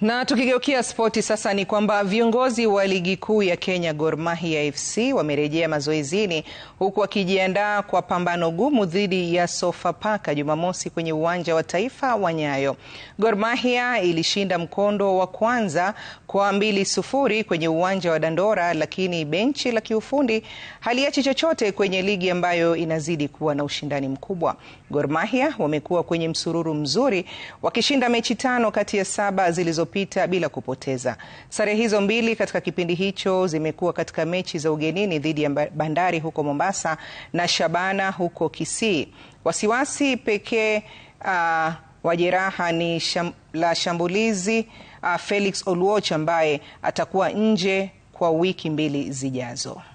Na tukigeukia spoti sasa, ni kwamba viongozi wa ligi kuu ya Kenya Gor Mahia FC wamerejea mazoezini huku wakijiandaa kwa pambano gumu dhidi ya Sofapaka Jumamosi kwenye uwanja wa taifa wa Nyayo. Gor Mahia ilishinda mkondo wa kwanza kwa mbili sufuri kwenye uwanja wa Dandora, lakini benchi la kiufundi haliachi chochote kwenye ligi ambayo inazidi kuwa na ushindani mkubwa. Gor Mahia wamekuwa kwenye msururu mzuri wakishinda mechi tano kati ya saba zilizo zilizopita bila kupoteza. Sare hizo mbili katika kipindi hicho zimekuwa katika mechi za ugenini dhidi ya Bandari huko Mombasa na Shabana huko Kisii. Wasiwasi pekee uh, wa jeraha ni sham, la shambulizi uh, Felix Oluoch ambaye atakuwa nje kwa wiki mbili zijazo.